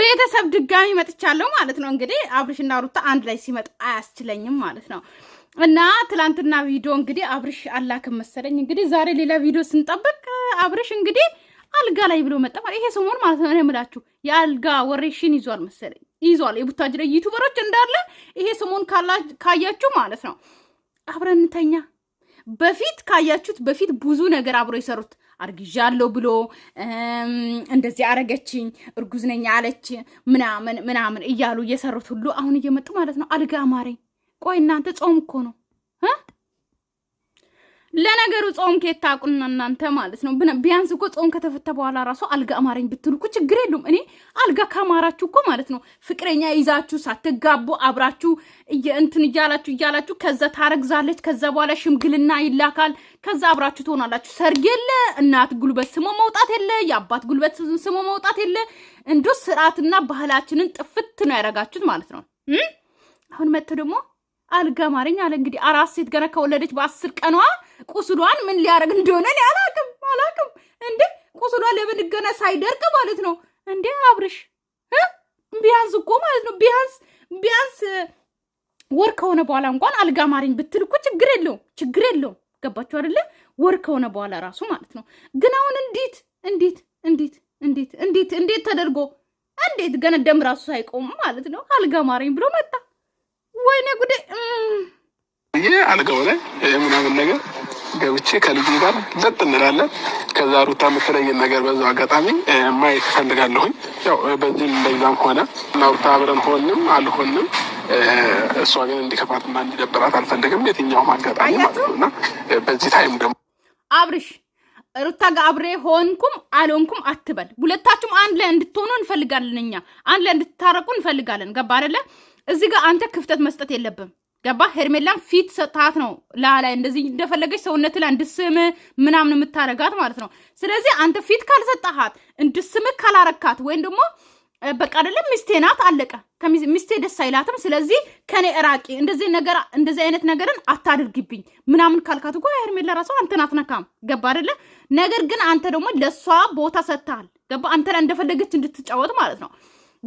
ቤተሰብ ድጋሚ መጥቻለሁ ማለት ነው። እንግዲህ አብርሽና ሩታ አንድ ላይ ሲመጣ አያስችለኝም ማለት ነው። እና ትላንትና ቪዲዮ እንግዲህ አብርሽ አላክም መሰለኝ። እንግዲህ ዛሬ ሌላ ቪዲዮ ስንጠብቅ አብርሽ እንግዲህ አልጋ ላይ ብሎ መጣ። ይሄ ሰሞን ማለት ነው የምላችሁ የአልጋ ወሬሽን ይዟል መሰለኝ ይዟል። የቡታጅ ላይ ዩቱበሮች እንዳለ ይሄ ሰሞን ካያችሁ ማለት ነው አብረን እንተኛ በፊት ካያችሁት በፊት ብዙ ነገር አብሮ የሰሩት አርግዣለሁ ብሎ እንደዚህ አረገችኝ፣ እርጉዝ ነኝ አለች ምናምን ምናምን እያሉ እየሰሩት ሁሉ አሁን እየመጡ ማለት ነው። አልጋ አማረኝ ቆይ እናንተ ጾም እኮ ነው። ለነገሩ ጾም ከታቁና እናንተ ማለት ነው። ቢያንስ እኮ ጾም ከተፈተ በኋላ ራሱ አልጋ አማረኝ ብትሉ እኮ ችግር የለውም። እኔ አልጋ ካማራችሁ እኮ ማለት ነው ፍቅረኛ ይዛችሁ ሳትጋቡ አብራችሁ እንትን እያላችሁ እያላችሁ ከዛ ታረግዛለች። ከዛ በኋላ ሽምግልና ይላካል። ከዛ አብራችሁ ትሆናላችሁ። ሰርግ የለ እናት ጉልበት ስሞ መውጣት የለ የአባት ጉልበት ስሞ መውጣት የለ። እንዶ ስርዓትና ባህላችንን ጥፍት ነው ያደረጋችሁት ማለት ነው። አሁን መጥቶ ደግሞ አልጋ ማረኝ አለ። እንግዲህ አራት ሴት ገና ከወለደች በአስር ቀኗ ቁስሏን ምን ሊያደርግ እንደሆነ አላቅም አላቅም። እንዴ ቁስሏ ለምን ገና ሳይደርቅ ማለት ነው እንዴ አብርሽ ቢያንስ እኮ ማለት ነው ቢያንስ ቢያንስ ወር ከሆነ በኋላ እንኳን አልጋ ማሪኝ ብትል እኮ ችግር የለውም ችግር የለውም። ገባችሁ አይደለ? ወር ከሆነ በኋላ ራሱ ማለት ነው። ግን አሁን እንዴት እንዴት እንዴት እንዴት እንዴት እንዴት ተደርጎ እንዴት ገና ደም ራሱ ሳይቆም ማለት ነው አልጋ ማሪኝ ብሎ መጣ። ወይኔ ጉዴ! ይህ አልጋው ላይ ምናምን ነገር ገብቼ ከልጁ ጋር ለጥ እንላለን። ከዛ ሩታ የምትለየን ነገር በዛው አጋጣሚ ማየት እፈልጋለሁኝ። ያው በዚህም እንደዛም ሆነ እና ሩታ አብረን ሆንም አልሆንም እሷ ግን እንዲከፋትና እንዲደብራት አልፈልግም የትኛውም አጋጣሚ ማለት ነው በዚህ ታይም ደግሞ አብርሽ ሩታ ጋር አብሬ ሆንኩም አልሆንኩም አትበል። ሁለታችሁም አንድ ላይ እንድትሆኑ እንፈልጋለን። እኛ አንድ ላይ እንድትታረቁ እንፈልጋለን። ገባ አይደለ? እዚህ ጋር አንተ ክፍተት መስጠት የለብም። ገባ ሄርሜላን ፊት ሰጥታት ነው ላላይ እንደዚህ እንደፈለገች ሰውነት ላይ እንድስም ምናምን የምታረጋት ማለት ነው። ስለዚህ አንተ ፊት ካልሰጠሃት እንድስም ካላረካት ወይም ደግሞ በቃ አይደለም ሚስቴ ናት አለቀ። ሚስቴ ደስ አይላትም። ስለዚህ ከኔ እራቂ፣ እንደዚህ ነገር እንደዚህ አይነት ነገርን አታድርግብኝ ምናምን ካልካት እኮ ሄርሜላ ራሷ አንተን አትነካም። ገባ አይደለ? ነገር ግን አንተ ደግሞ ለእሷ ቦታ ሰጥተሃል። ገባ? አንተ ላይ እንደፈለገች እንድትጫወት ማለት ነው።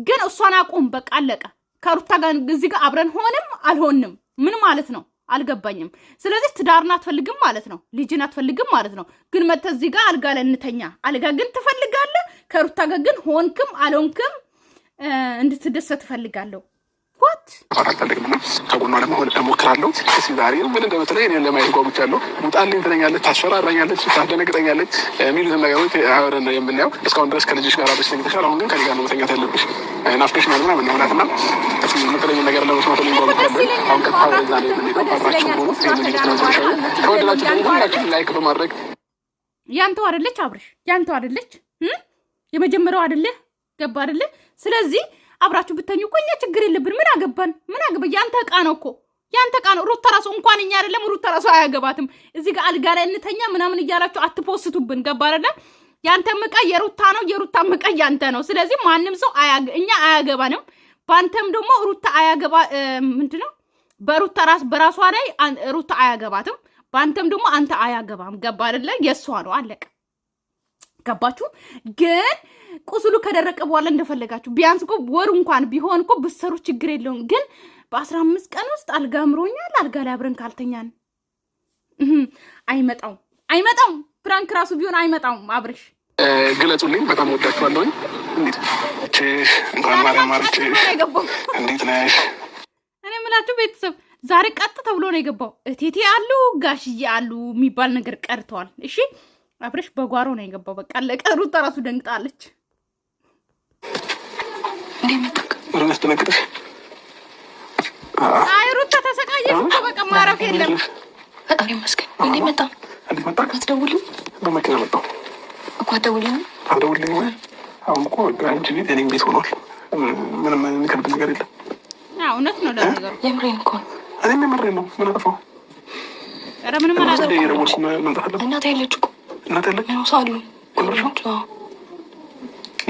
ግን እሷን አቁም። በቃ አለቀ። ከሩታ ጋር እዚህ ጋር አብረን ሆንም አልሆንም ምን ማለት ነው አልገባኝም። ስለዚህ ትዳርን አትፈልግም ማለት ነው፣ ልጅን አትፈልግም ማለት ነው። ግን መተ እዚህ ጋር አልጋ ላይ አልጋ ግን ትፈልጋለህ። ከሩታ ጋር ግን ሆንክም አልሆንክም እንድትደሰት ትፈልጋለሁ። ዋት አልፈልግም። ከጎኗ ለመሆን እሞክራለሁ። እስኪ ዛሬ ምን እንደምትለኝ እኔን ለማየት ጓጉቻለሁ። ውጣልኝ ትለኛለች፣ ታስፈራራኛለች፣ ታስደነግጠኛለች የሚሉትን ነገሮች አብረን የምናየው እስካሁን ድረስ ጋር አብረሽ ተኝተሻል። አሁን ግን ከኔ ጋር ነው መተኛት ያለብሽ። ነው እና ነገር ለመስማት ጓጉቻለሁ። አሁን ቀጥታ ነው ደግሞ ላይክ በማድረግ ያንተው አይደለች አብረሽ ያንተው አይደለች የመጀመሪያው አይደለ ገባ አይደለ ስለዚህ አብራችሁ ብተኙ እኮ እኛ ችግር የለብን። ምን አገባን? ምን አገባ? ያንተ እቃ ነው እኮ ያንተ እቃ ነው። ሩታ ራሱ እንኳን እኛ አይደለም ሩታ ራሱ አያገባትም። እዚህ ጋር አልጋ ላይ እንተኛ ምናምን እያላችሁ አትፖስቱብን። ገባ አይደለም? ያንተ እቃ የሩታ ነው፣ የሩታ እቃ ያንተ ነው። ስለዚህ ማንም ሰው እኛ አያገባንም። በአንተም ደግሞ ሩታ አያገባ ምንድን ነው በሩታ ራስ በራሷ ላይ ሩታ አያገባትም። በአንተም ደግሞ አንተ አያገባም። ገባ አይደለ? የእሷ ነው አለቀ። ገባችሁ ግን ቁስሉ ከደረቀ በኋላ እንደፈለጋችሁ ቢያንስ እኮ ወሩ እንኳን ቢሆን እኮ ብሰሩ ችግር የለውም። ግን በአስራ አምስት ቀን ውስጥ አልጋ አምሮኛል አልጋ ላይ አብረን ካልተኛን አይመጣው አይመጣው። ፕራንክ ራሱ ቢሆን አይመጣውም። አብርሽ ግለጹልኝ። በጣም ወዳችኋለሁኝ። እንዴት ነሽ? እኔ የምላችሁ ቤተሰብ ዛሬ ቀጥ ተብሎ ነው የገባው። እቴቴ አሉ ጋሽዬ አሉ የሚባል ነገር ቀርተዋል። እሺ አብረሽ በጓሮ ነው የገባው። በቃ ለቀሩ እራሱ ደንግጣለች። ሩታ ተሰቃየ። በቃ ማረፍ የለም። ፈጣሪ ቤት የእኔም ቤት ያለች እኮ ያለች ሰው አሉ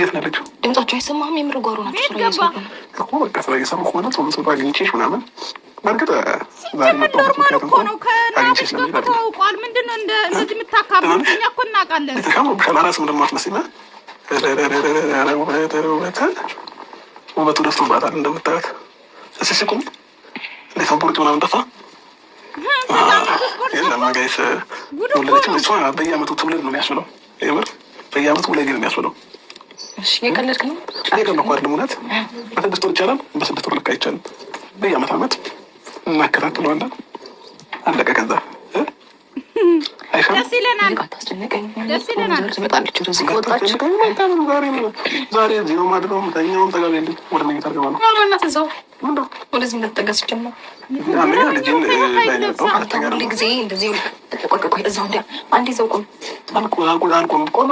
የት ነው ያለችው? ድምጻቸው አይሰማም። የምር ጓሮ ናቸው። ስራ እየሰሩ ነው እኮ በቃ ስራ እየሰሩ ከሆነ ቶሎ ቶሎ አግኝቼሽ ምናምን ነው። ከናቤት ነው እንደ በየአመቱ ትውልድ ነው የሚያስብለው። የቀለድክ ነው የቀለድኩ አይደለም። እውነት በስድስት ወር ይቻላል፣ በስድስት ወር ልክ አይቻልም። በየአመት አመት እናከታትለዋለን። አለቀ። ከዛ ደስ ይለናል፣ ደስ ይለናል። ዛሬ እዚህ ነው ማድረው። ተኛውም ጠጋ ወደ መኝታ ገባ ነው ናትዛው ወደዚህ እንዳትጠጋ ሲጀመር ሁሉ ጊዜ እንደዚህ ቆይ ቆይ ቆይ እዛው እንዲ አንድ ይዘው ቆም አልቆም ቆም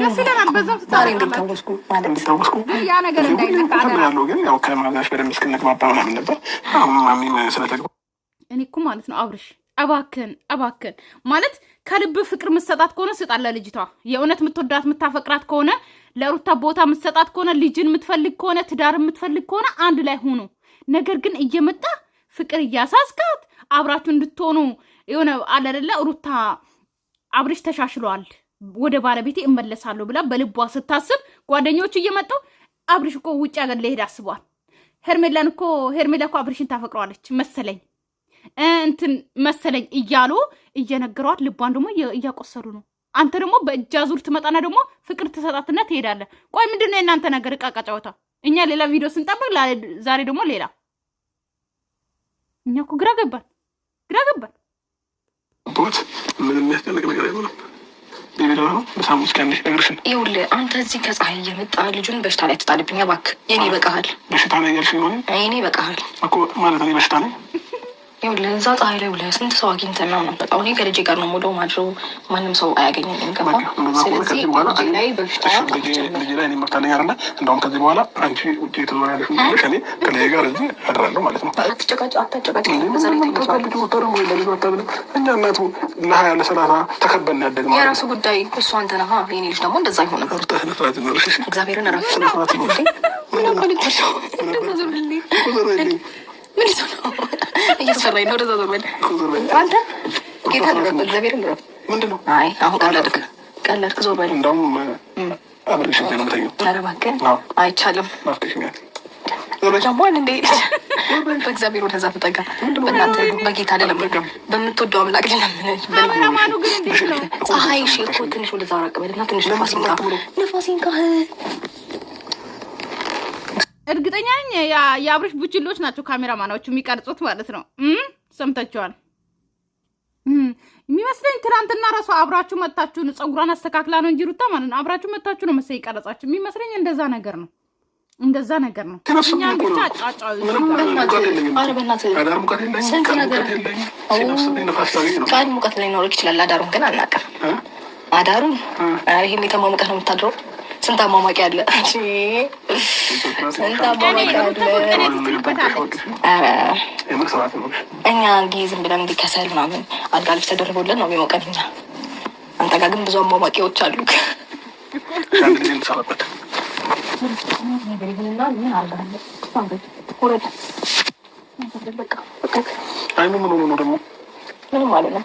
ደስ እኔ እኮ ማለት ነው አብርሽ ማለት ከልብ ፍቅር ምትሰጣት ከሆነ ስጣት ለልጅቷ። የእውነት ምትወዳት ምታፈቅራት ከሆነ ለሩታ ቦታ ምትሰጣት ከሆነ ልጅን ምትፈልግ ከሆነ ትዳር ከሆነ አንድ ላይ ሆኖ ነገር ግን እየመጣ ፍቅር እያሳዝካት አብራችሁ እንድትሆኑ የሆነ አለ አይደለ ሩታ አብርሽ ተሻሽሏል ወደ ባለቤቴ እመለሳለሁ ብላ በልቧ ስታስብ ጓደኞቹ እየመጡ አብርሽ እኮ ውጭ ሀገር ሊሄድ አስቧል። ሄርሜላን እኮ ሄርሜላ እኮ አብርሽን ታፈቅረዋለች መሰለኝ እንትን መሰለኝ እያሉ እየነገሯት ልቧን ደግሞ እያቆሰሉ ነው። አንተ ደግሞ በእጅ አዙር ትመጣና ደግሞ ፍቅር ትሰጣትና ትሄዳለህ። ቆይ ምንድነው የእናንተ ነገር? እቃቃ ጫወታ። እኛ ሌላ ቪዲዮ ስንጠብቅ ዛሬ ደግሞ ሌላ። እኛ እኮ ግራ ገባን፣ ግራ ገባን። ምንም የሚያስጨንቅ ነገር አይሆንም። በሳሙስ ቀንሽ ነግርሽን አንተ እዚህ ከፀሐይ እየመጣ ልጁን በሽታ ላይ ትጣልብኛ። እባክህ የኔ ይበቃሃል። በሽታ ላይ ያልሽ ሆነ የኔ ይበቃሃል እኮ ማለት ነው። በሽታ ላይ ያው ለዛ ፀሐይ ላይ ውለህ ስንት ሰው አግኝተን ነው ነበር። አሁን ከልጄ ጋር ነው ሙሉ ማድረው ማንም ሰው አያገኘኝ የሚገባ ስለዚህ ላይ እንደውም ከዚህ በኋላ አንቺ ውጭ እኔ ከልጄ ጋር እዚህ አድራለሁ ማለት ነው። እኛ እናቱ ለሀያ ለሰላሳ ተከበን ያደግ የራሱ ጉዳይ እሱ አንተ ነህ። ልጅ ደግሞ እንደዛ ይሆነ እግዚአብሔርን ምንድን ነው እያስፈራኝ ነው። ወደዛ ዞር አንተ ጌታ ነው አይ አሁን ቀለድክ እንደውም አይቻልም። ናፍቀሽኛል። እንዴ በእግዚአብሔር ወደዛ ተጠጋ። በእናትህ በጌታ አይደለም፣ በምትወደው አምላክ ለምን ፀሐይ ሺ ትንሽ ወደዛ ራቅ በልና ትንሽ ነፋስ ንካ ነፋስ እርግጠኛ ነኝ የአብርሽ ቡችሎች ናቸው ካሜራማናዎቹ የሚቀርጹት ማለት ነው። ሰምታችኋል የሚመስለኝ ትናንትና ራሱ አብራችሁ መታችሁ ነው ፀጉሯን አስተካክላ ነው እንጂ ሩታ ማለት ነው አብራችሁ መታችሁ ነው መሰለኝ ቀረጻችሁ የሚመስለኝ እንደዛ ነገር ነው እንደዛ ነገር ነው። እኛን ብቻ አጫጫዊ ሙቀት ላይ ኖሮ ይችላል። አዳሩን ግን አናውቅም። አዳሩን ይህም የተማ ሙቀት ነው የምታድረው ስንት አሟሟቂ አለ? እኛ እንዲህ ዝም ብለን እንዲከሰል ምናምን አልጋ ልብስ ተደርቦልን ነው የሚሞቀን። እኛ አንተ ጋር ግን ብዙ አሟሟቂዎች አሉ። ምን ሆኖ ነው ደግሞ? ምንም አልሆነም።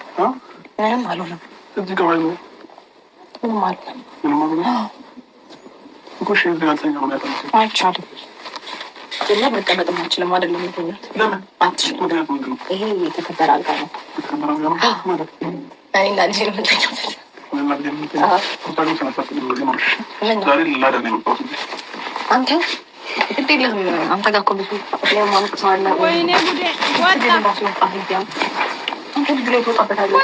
ምንም አልሆነም። ምንም አልሆነም። አይቻልም። እና መቀመጥም አልችልም። አይደለም ይሄ የተከበረ አልጋ ነው። አንተ ግድ የለህም። አንተ ጋር እኮ ብዙ የማለት ሰው አለ። አንተ ልጅ ላይ ትወጣበታለህ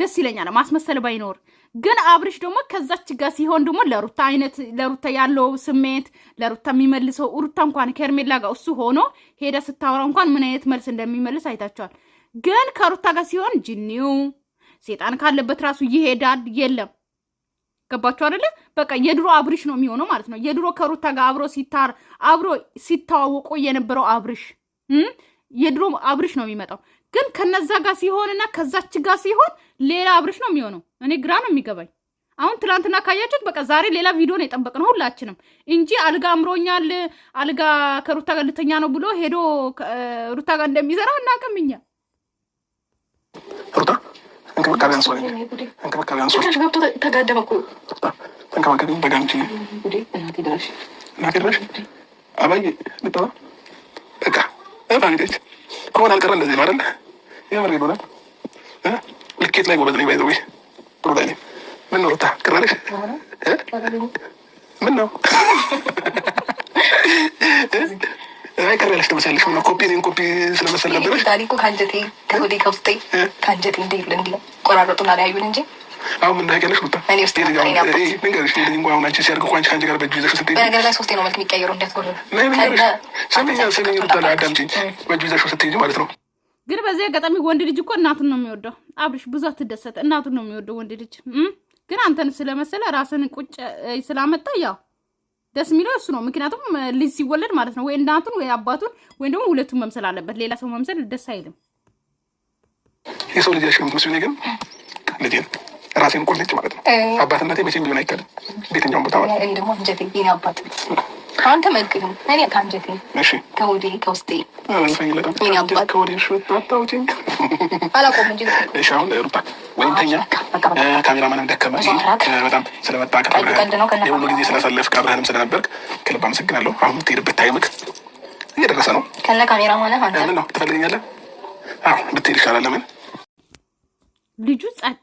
ደስ ይለኛል ማስመሰል ባይኖር ግን አብርሽ ደግሞ ከዛች ጋር ሲሆን ደግሞ ለሩታ አይነት ለሩታ ያለው ስሜት ለሩታ የሚመልሰው ሩታ እንኳን ከርሜላ ጋር እሱ ሆኖ ሄዳ ስታወራ እንኳን ምን አይነት መልስ እንደሚመልስ አይታቸዋል። ግን ከሩታ ጋር ሲሆን ጅኒው ሴጣን ካለበት ራሱ ይሄዳል። የለም ገባችሁ አደለ? በቃ የድሮ አብርሽ ነው የሚሆነው ማለት ነው። የድሮ ከሩታ ጋር አብሮ ሲታር አብሮ ሲተዋወቁ የነበረው አብርሽ የድሮ አብርሽ ነው የሚመጣው። ግን ከነዛ ጋር ሲሆንና ከዛች ጋር ሲሆን ሌላ አብርሽ ነው የሚሆነው። እኔ ግራ ነው የሚገባኝ። አሁን ትላንትና ካያችሁት በቃ ዛሬ ሌላ ቪዲዮ ነው የጠበቅነው ሁላችንም እንጂ አልጋ አምሮኛል፣ አልጋ ከሩታ ጋር ልተኛ ነው ብሎ ሄዶ ሩታ ጋር እንደሚሰራ እናቅም እኛ ሩታ እንክብካቤ አንሶ እንክብካቤ አንሶ ተጋደመ እኮ ተንከባከቢ በጋንቲ ናቴ ድረሽ አባይ ልታወራ በቃ ፋሚሊዎች ከሆነ አልቀረ እንደዚህ ነው አይደል? የምር ይሆናል። ልኬት ላይ ጎበዝ ነኝ። ባይዘ ጥሩ ላይ ምን ነው ሩታ ቅራለሽ? ምን ነው አይ ቀረለሽ ትመስያለሽ። ምን ኮፒ እኔን ኮፒ ስለመሰል ነበረሽ። ዳዲ ከአንጀቴ ከወዴ ከውስጤ ከአንጀቴ እንዲህ ቆራረጡና ሊያዩን እንጂ አሁን ምን ሩታ አሁን አንቺ እኮ አንቺ ከአንቺ ጋር በእጁ ስትሄጂ በነገር ላይ ሶስቴ ነው መልክ እንዳትጎርብ ሩታ አዳምጪኝ በእጁ ስትሄጂ ማለት ነው ግን በዚህ አጋጣሚ ወንድ ልጅ እኮ እናቱን ነው የሚወደው አብርሽ ብዙ አትደሰት እናቱን ነው የሚወደው ወንድ ልጅ ግን አንተን ስለመሰለ ራስን ቁጭ ስላመጣ ያው ደስ የሚለው እሱ ነው። ምክንያቱም ልጅ ሲወለድ ማለት ነው ወይ እናቱን ወይ አባቱን ወይም ደግሞ ሁለቱን መምሰል አለበት። ሌላ ሰው መምሰል ደስ አይልም። የሰው ልጅ ያሽምት መስሎኝ ግን ራሴን ቁል ማለት ነው። አባትነቴ መቼም ቢሆን አይከድም። ቤትኛውን ቦታ ማለት እኔ ደግሞ አንጀቴ የኔ አባት አንተ እኔ ከአንጀቴ ከውስጤ አሁን ሩታ ደከመ በጣም ስለመጣ ሁሉ ጊዜ ስላሳለፍክ አብረህንም ስለነበርክ ክልብ አመሰግናለሁ። አሁን የምትሄድበት ታይምክ እየደረሰ ነው። ከነ ካሜራ ሆነ ነው ትፈልገኛለህ ብትሄድ ይሻላል። ለምን ልጁ ጸጥ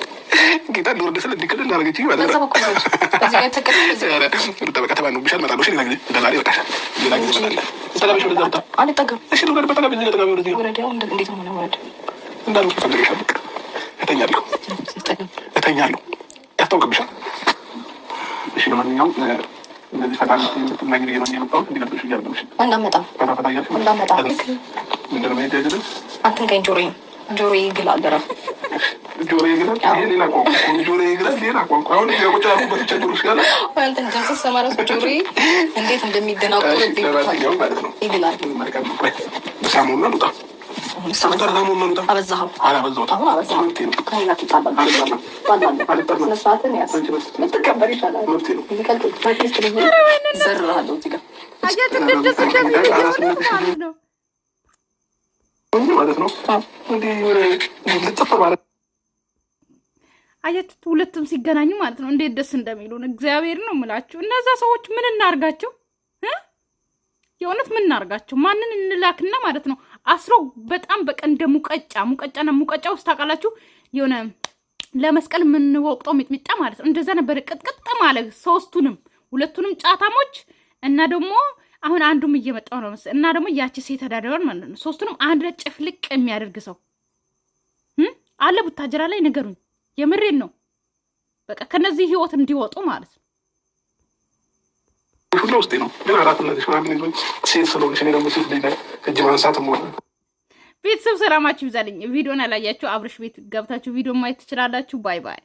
ጌታ እንደወረደስል እንዲክል እንዳረገችኝ ማለት ነው። እንዳመጣ ጆሮዬ ጆሮ ይግረን ይሄ ሌላ ቋንቋ ጆሮ ይግረን ሌላ ቋንቋ። አሁን ቁጭ ያልኩበት ችግሩ ማለት ነው። አያችሁት? ሁለቱም ሲገናኙ ማለት ነው እንዴት ደስ እንደሚሉን እግዚአብሔር ነው ምላችሁ። እነዛ ሰዎች ምን እናርጋቸው? የእውነት ምን እናርጋቸው? ማንን እንላክና ማለት ነው አስሮ በጣም በቀን እንደ ሙቀጫ ሙቀጫና ሙቀጫ ውስጥ ታውቃላችሁ የሆነ ለመስቀል የምንወቅጠው ሚጥሚጣ ማለት ነው። እንደዛ ነበር ቅጥቅጥ ማለ ሶስቱንም ሁለቱንም ጫታሞች እና ደግሞ አሁን አንዱም እየመጣው ነው መሰለኝ እና ደግሞ ያቺ ሴት ተዳደረን ማለት ነው። ሶስቱንም አንድ ላይ ጭፍልቅ የሚያደርግ ሰው አለ ቡታጀራ ላይ ነገሩኝ። የምሬን ነው። በቃ ከነዚህ ህይወት እንዲወጡ ማለት ነው። ክፍለ ውስጤ ነው ግን አራትነትሽ ምናምን ይዞኝ ሴት ስለሆንሽ እኔ ደግሞ ሴት ልጅ እጅ ማንሳት ሆነ ቤተሰብ ሰላማችሁ ይብዛልኝ። ቪዲዮን ያላያችሁ አብርሽ ቤት ገብታችሁ ቪዲዮ ማየት ትችላላችሁ። ባይ ባይ።